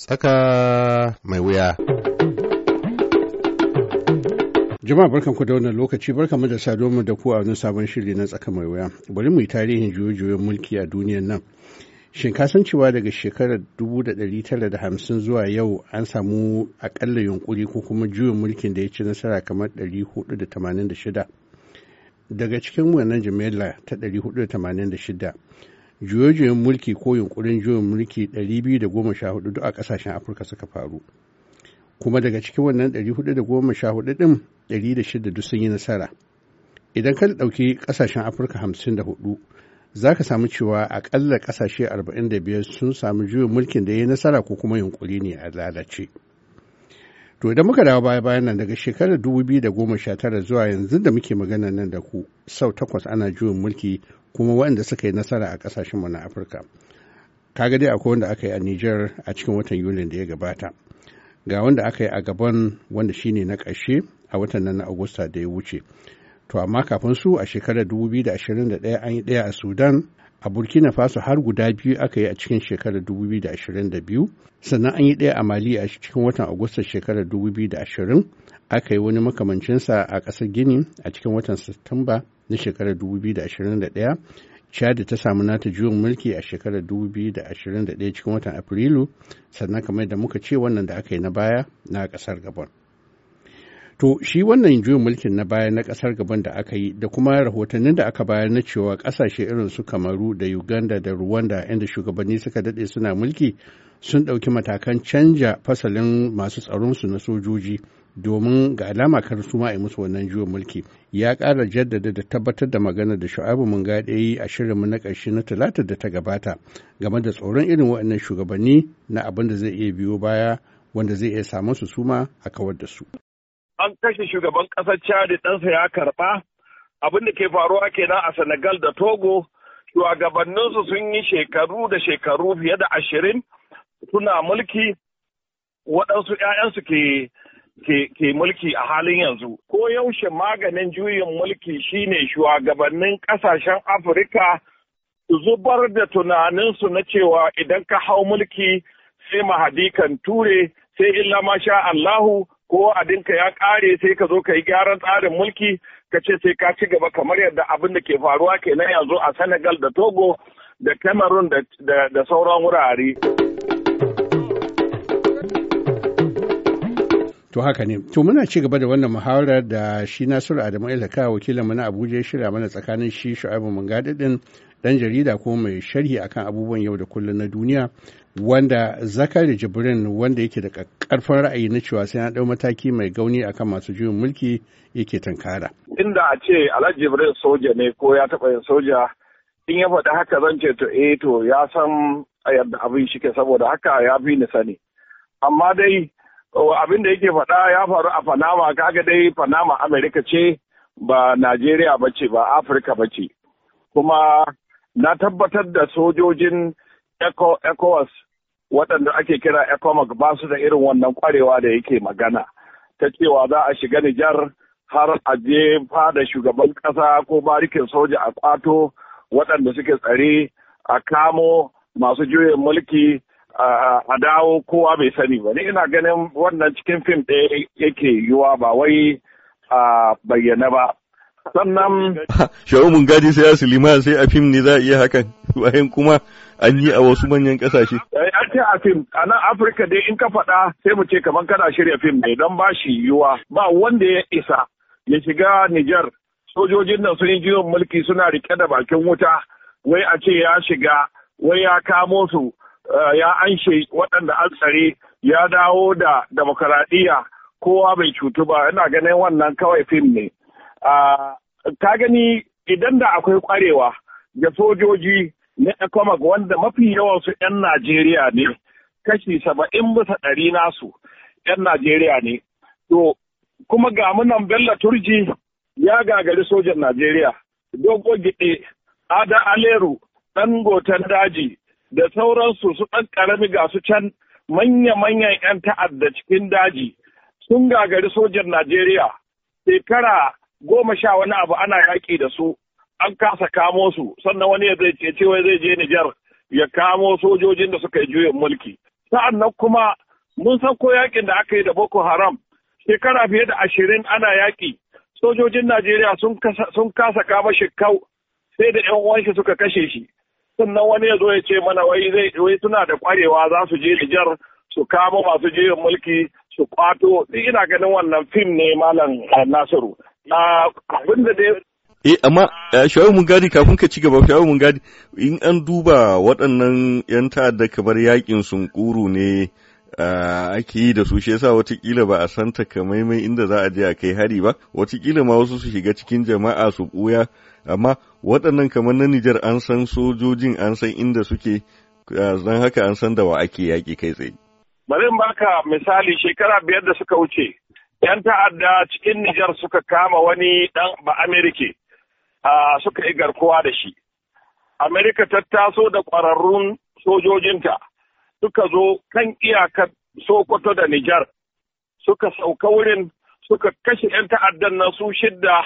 Tsaka mai wuya. Jama'a barkan ku da wannan lokaci barkan mu da sado da ku a wani sabon shiri na tsaka mai wuya. Bari mu yi tarihin juyoyin mulki a duniyar nan. Shin ka san cewa daga shekarar hamsin zuwa yau an samu akalla yunkuri ko kuma juyin mulkin da ya ci nasara kamar 486. Daga cikin wannan jimela ta 486 juyoyin mulki ko yunkurin juyin mulki 214 duk a kasashen afirka suka faru kuma daga cikin wannan 414 din 106 duk sun yi nasara idan ka ɗauki kasashen afirka 54 za ka samu cewa akalla kasashe 45 sun samu juyin mulkin da ya yi nasara ko kuma yunkuri ne a lalace to idan muka dawo baya bayan nan daga shekarar 2019 zuwa yanzu da muke magana nan da ku sau takwas ana juyin mulki kuma waɗanda suka yi nasara a mu na afirka kaga dai akwai wanda aka yi a niger a cikin watan yulin da ya gabata ga wanda aka yi a gaban wanda shine na ƙarshe a watan nan na agusta da ya wuce to amma kafin su a shekarar 2021 an yi ɗaya a sudan a burkina faso har guda biyu aka yi a cikin shekarar 2022 sannan an yi ɗaya a mali a cikin watan agusta shekarar 2020 aka yi wani makamancinsa a ƙasar gini a cikin watan satumba na shekarar 2021 chad ta samu nata juyin mulki a shekarar 2021 cikin watan afrilu sannan kamar da muka ce wannan da aka yi na baya na ƙasar gabon to shi wannan juyin mulkin na baya na ƙasar gabon da aka yi da kuma rahotannin da aka bayar na cewa ƙasashe irin su kamaru da uganda da rwanda inda shugabanni suka daɗe suna mulki sun ɗauki matakan canja fasalin masu tsaronsu na sojoji domin ga alama kar su ma a yi musu wannan juyin mulki ya ƙara jaddada da tabbatar da magana da shu'abu mun ga yi a shirinmu na ƙarshe na talata da ta gabata game da tsoron irin waɗannan shugabanni na abin da zai iya biyo baya wanda zai iya samu su suma a kawar da su. An kashe shugaban ƙasar Chad ɗansa ya karɓa abin da ke faruwa kenan a Senegal da Togo shugabanninsu sun yi shekaru da shekaru fiye da ashirin suna mulki waɗansu 'ya'yansu ke ke mulki a halin yanzu. Ko yaushe maganin juyin mulki shine shugabannin ƙasashen Afirka zubar da tunaninsu na cewa idan ka hau mulki sai mahadi kan ture sai illa ma sha Allahu ko adinka ya kare sai ka zo ka yi gyaran tsarin mulki ka ce sai ka ci gaba kamar yadda abin da ke faruwa kenan yanzu a Senegal da Togo da Cameroon da sauran wurare. To haka ne. To muna ci gaba da wannan muhawarar da shi Nasiru Adamu Ilaka wakilin mu na Abuja ya shirya mana tsakanin shi Shu'aibu Mungadi ɗan dan jarida ko mai sharhi akan abubuwan yau da kullum na duniya wanda Zakari Jibrin wanda yake da karfin ra'ayi na cewa sai na dau mataki mai gauni akan masu juyin mulki yake tankara. Inda a ce Alhaji Jibrin soja ne ko ya taɓa yin soja in ya faɗi haka zan ce to eh to ya san a yadda abin shi ke saboda haka ya bi ni sani. Amma dai Oh, abin da yake faɗa ya faru a Panama kaga dai Panama Amerika ce ba Najeriya ba ce ba Afirka ba ce kuma na tabbatar da sojojin ECOWAS waɗanda ake kira ECOMAC ba su da irin wannan kwarewa da yake magana ta cewa za a shiga Nijar har a je fada shugaban ƙasa ko barikin soja a kwato waɗanda suke tsare a kamo masu juyin mulki a dawo kowa bai sani ba ne ina ganin wannan cikin fim ɗaya yake yiwa ba wai a bayyana ba sannan shawo mun gadi sai asilima sai a fim ne za a iya hakan bayan kuma an yi a wasu manyan kasashe Ya eh, ce a fim a nan afirka dai in ka faɗa sai mu ce kamar kana shirya fim ne don ba shi yiwuwa ba wanda ya isa ya shiga nijar sojojin nan sun yi jiyon mulki suna rike da bakin wuta wai a ce ya shiga wai ya kamo su Eh, ya anshe waɗanda an tsare ya dawo da demokaradiyya kowa bai cutu ba ina ganin wannan kawai fim ne ah, ka gani idan da akwai ƙwarewa ga sojoji na ecomac wanda mafi yawansu 'yan najeriya ne kashi saba'in bisa ɗari nasu 'yan najeriya ne to kuma ga munan bello turji ya gagari sojan najeriya dogo gide ada aleru ɗan gotan daji da sauransu su ɗan ƙarami ga su can manya-manyan 'yan ta'adda cikin daji sun gagari sojan Najeriya shekara goma sha wani abu ana yaƙi da su an kasa kamo su sannan wani ya zai ce wai zai je Nijar ya kamo sojojin da suka yi juyin mulki sa'annan kuma mun san ko yaƙin da aka yi da Boko Haram shekara fiye da ashirin ana yaƙi sojojin Najeriya sun kasa kama shi kau sai da 'yan uwanshi suka kashe shi sannan wani ya zo ya ce mana wai zai wai suna da kwarewa za su je Nijar su kama masu jiyan mulki su kwato ina ganin wannan fim ne malam eh, Nasiru abin da dai Eh, amma eh, shawarar mun gadi kafin ka ci gaba shawarar mun gadi in an duba waɗannan 'yan ta'adda kamar yakin sunkuru ne eh, ake yi da su shi yasa watakila ba a san kamaimai inda za a je a kai hari ba watakila ma wasu su shiga cikin jama'a su ɓuya amma waɗannan kamar na Nijar an san sojojin an san inda suke don haka an san da wa ake yaƙi kai tsaye. Bari baka misali shekara biyar da suka wuce, ‘yan ta'adda cikin Nijar suka kama wani ɗan ba Amerika suka yi garkuwa da shi. Amerika ta taso da ƙwararrun sojojinta suka zo kan iyakar Sokoto da Nijar suka sauka wurin suka kashe ‘yan ta'addan na su shidda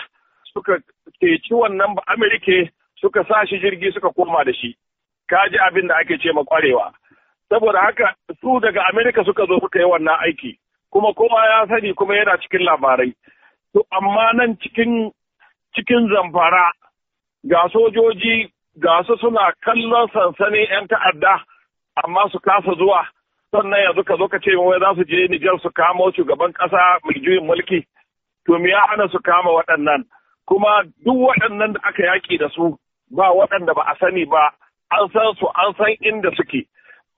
suka ceci wannan ba Amerika suka sa shi jirgi suka koma da shi. Ka ji abin da ake ce ma kwarewa. Saboda haka su daga Amerika suka zo suka yi wannan aiki. Kuma kowa ya sani kuma yana cikin labarai. To amma nan cikin cikin zamfara ga sojoji ga su suna kallon sansanin 'yan ta'adda amma su kasa zuwa sannan yanzu ka zo ka ce wai za su je Nijar su kamo shugaban ƙasa mai juyin mulki to me ya hana su kama waɗannan kuma duk waɗannan da aka yaƙi da su ba waɗanda ba a sani ba an san su an san inda suke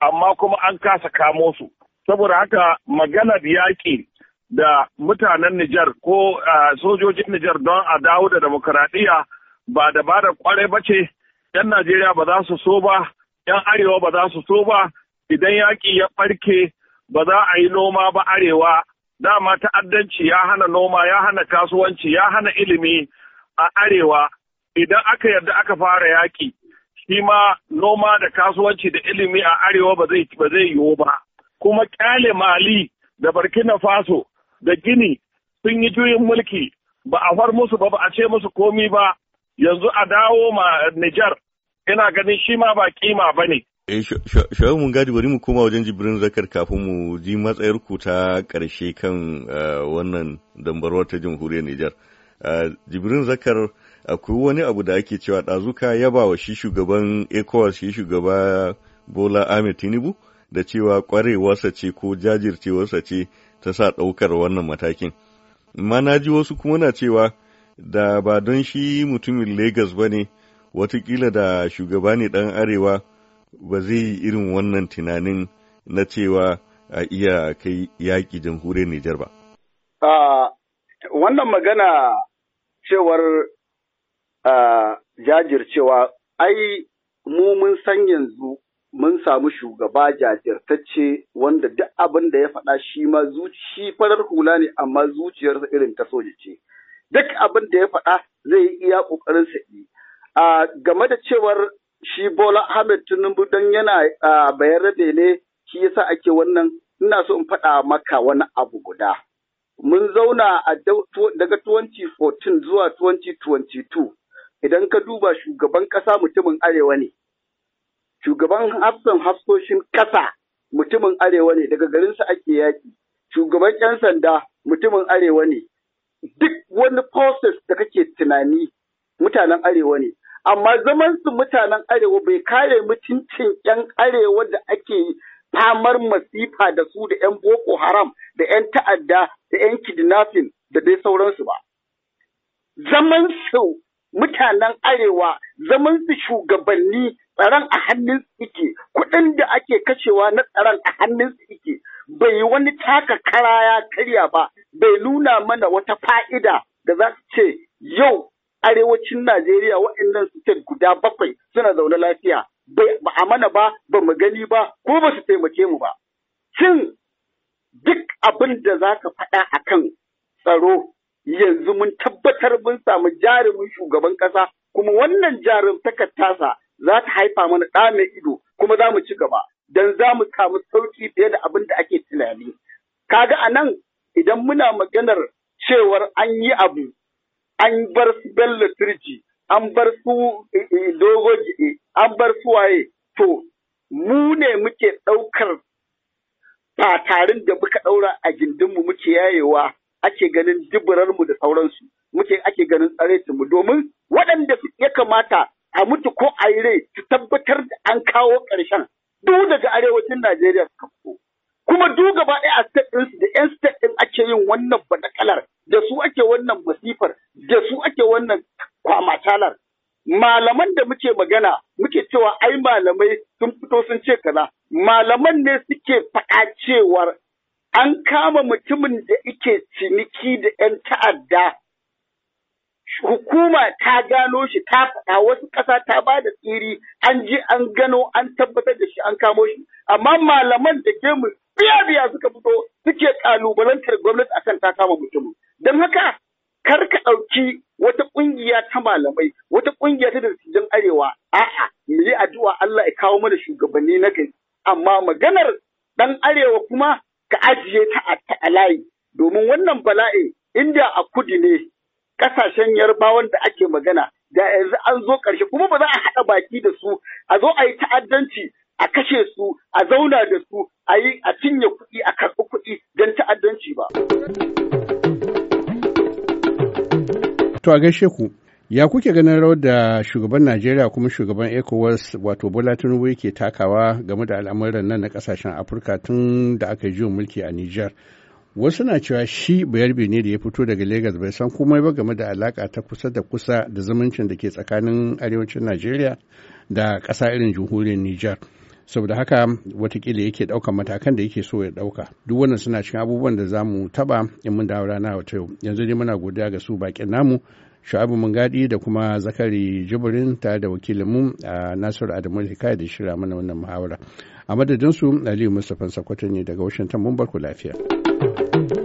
amma kuma an kasa kamo su saboda haka maganar yaƙi da mutanen Nijar ko sojojin Nijar don a dawo da demokuraɗiyya ba da ba da kwarai ba ce 'yan Najeriya ba za su so ba 'yan Arewa ba za su so ba idan yaƙi ya ɓarke ba za a yi noma ba Arewa dama ta'addanci ya hana noma ya hana kasuwanci ya hana ilimi a arewa idan aka yarda aka fara yaƙi shi ma noma da kasuwanci da ilimi a arewa ba zai yiwu ba kuma ƙyale mali da burkina faso da gini sun yi juyin mulki ba a far musu ba ba a ce musu komi ba yanzu a dawo ma nijar ina ganin shi ma ba kima ba ne Eh, Shawarar mun gadi bari mu koma wajen jibirin zakar kafin mu ji matsayarku ta ƙarshe kan eh, wannan dambarwar ta jamhuriyar Nijar. Eh, jibirin zakar akwai wani abu da ake cewa ɗazuka ba wa shi shugaban ECOWAS shi shugaba Bola Ahmed Tinubu da cewa ƙwarewarsa ce ko jajircewarsa ce ta sa ɗaukar wannan matakin. Ma na ji wasu kuma na cewa da ba don shi mutumin Legas ba ne watakila da shugaba ne ɗan arewa ba zai yi irin wannan tunanin na cewa a iya kai yaƙi jamhuriyar Nijar ba? Wannan magana cewar jajircewa ai mu mun san yanzu mun samu shugaba jajirtacce wanda duk abin da ya faɗa shi ma zuci farar hula ne amma zuciyarsa irin ta soji ce. Duk abin da ya faɗa zai iya ƙoƙarinsa yi. Game da cewar shi Bola Ahmed Tinubu don yana bayar da ne shi yasa ake wannan ina so in faɗa maka wani abu guda. Mun zauna a daga 2014 zuwa 2022 idan ka duba shugaban ƙasa mutumin arewa ne. Shugaban hafsan hafsoshin ƙasa mutumin arewa ne daga garinsa ake yaƙi. Shugaban ƴan sanda mutumin arewa ne. Duk wani process da kake tunani mutanen arewa ne. amma zaman su mutanen arewa bai kare mutuncin 'yan arewa da ake famar masifa da su da 'yan boko haram da 'yan ta'adda da 'yan kidnapping da dai sauransu ba. Zaman su mutanen arewa zaman su shugabanni tsaron a hannun su ike kuɗin da ake kashewa na tsaron a hannun su ike bai wani taka kara ya karya ba bai nuna mana wata fa'ida da za su ce yau arewacin Najeriya waɗannan state guda bakwai suna zaune lafiya ba a mana ba ba mu gani ba ko ba su taimake mu ba. Shin duk abin da za ka faɗa a kan tsaro yanzu mun tabbatar mun samu jarumin shugaban ƙasa kuma wannan jarum takattasa za ta haifa mana ɗa mai ido kuma za mu ci gaba don za mu samu sauƙi fiye da abin da ake tunani. Kaga a nan idan muna maganar cewar an yi abu an bar su bello turji an bar su eh, eh, dogo an bar su waye to mu ne muke ɗaukar fatarin da muka ɗaura a gindinmu muke yayewa ake ganin duburarmu da sauransu muke ake ganin mu domin waɗanda ya kamata a mutu ko a yi rai su tabbatar da an kawo ƙarshen duk daga arewacin Najeriya suka fito. Kuma duk gaba ɗaya a state ɗinsu da 'yan state ɗin ake yin wannan badakalar da su ake wannan masifar da su ake wannan kwamatalar malaman da muke magana muke cewa ai malamai sun fito sun ce kaza malaman ne suke faɗa cewar an kama mutumin da ike ciniki da 'yan ta'adda hukuma ta gano shi ta faɗa wasu ƙasa ta ba da tsiri an ji an gano an tabbatar da shi an kamo shi amma malaman da ke mu biya biya suka fito suke kalubalantar gwamnati akan ta kama mutum don haka kar ka ɗauki wata ƙungiya ta malamai wata ƙungiya ta dattijan arewa a'a mu yi addu'a Allah ya kawo mana shugabanni na gari amma maganar ɗan arewa kuma ka ajiye ta a layi domin wannan bala'i inda a kudi ne kasashen yarbawan da ake magana da yanzu an zo ƙarshe kuma ba za a haɗa baki da su a zo a yi ta'addanci a kashe su a zauna da su a yi a cinye kuɗi a karɓi kuɗi don ta'addanci ba. To a gaishe ku ya kuke ganin rawar da shugaban Najeriya kuma shugaban ECOWAS wato Bola Tinubu yake takawa game da al'amuran nan na kasashen Afirka tun da aka yi mulki a Nijar. wasu na cewa shi bayarbe ne da ya fito daga Legas bai san komai ba game da alaka ta kusa da kusa da zumuncin da ke tsakanin arewacin Najeriya da ƙasa irin jamhuriyar Niger, saboda haka watakila yake ɗaukan matakan da yake so ya ɗauka duk wannan suna cikin abubuwan da za mu taɓa in mun dawo rana wata yau yanzu dai muna godiya ga su bakin namu shu'abu gadi da kuma zakari Jibrin tare da wakilinmu a nasiru adamu hikaya da shirya mana wannan muhawara a madadinsu aliyu mustapha sakwato ne daga washington mun ku lafiya. Thank you.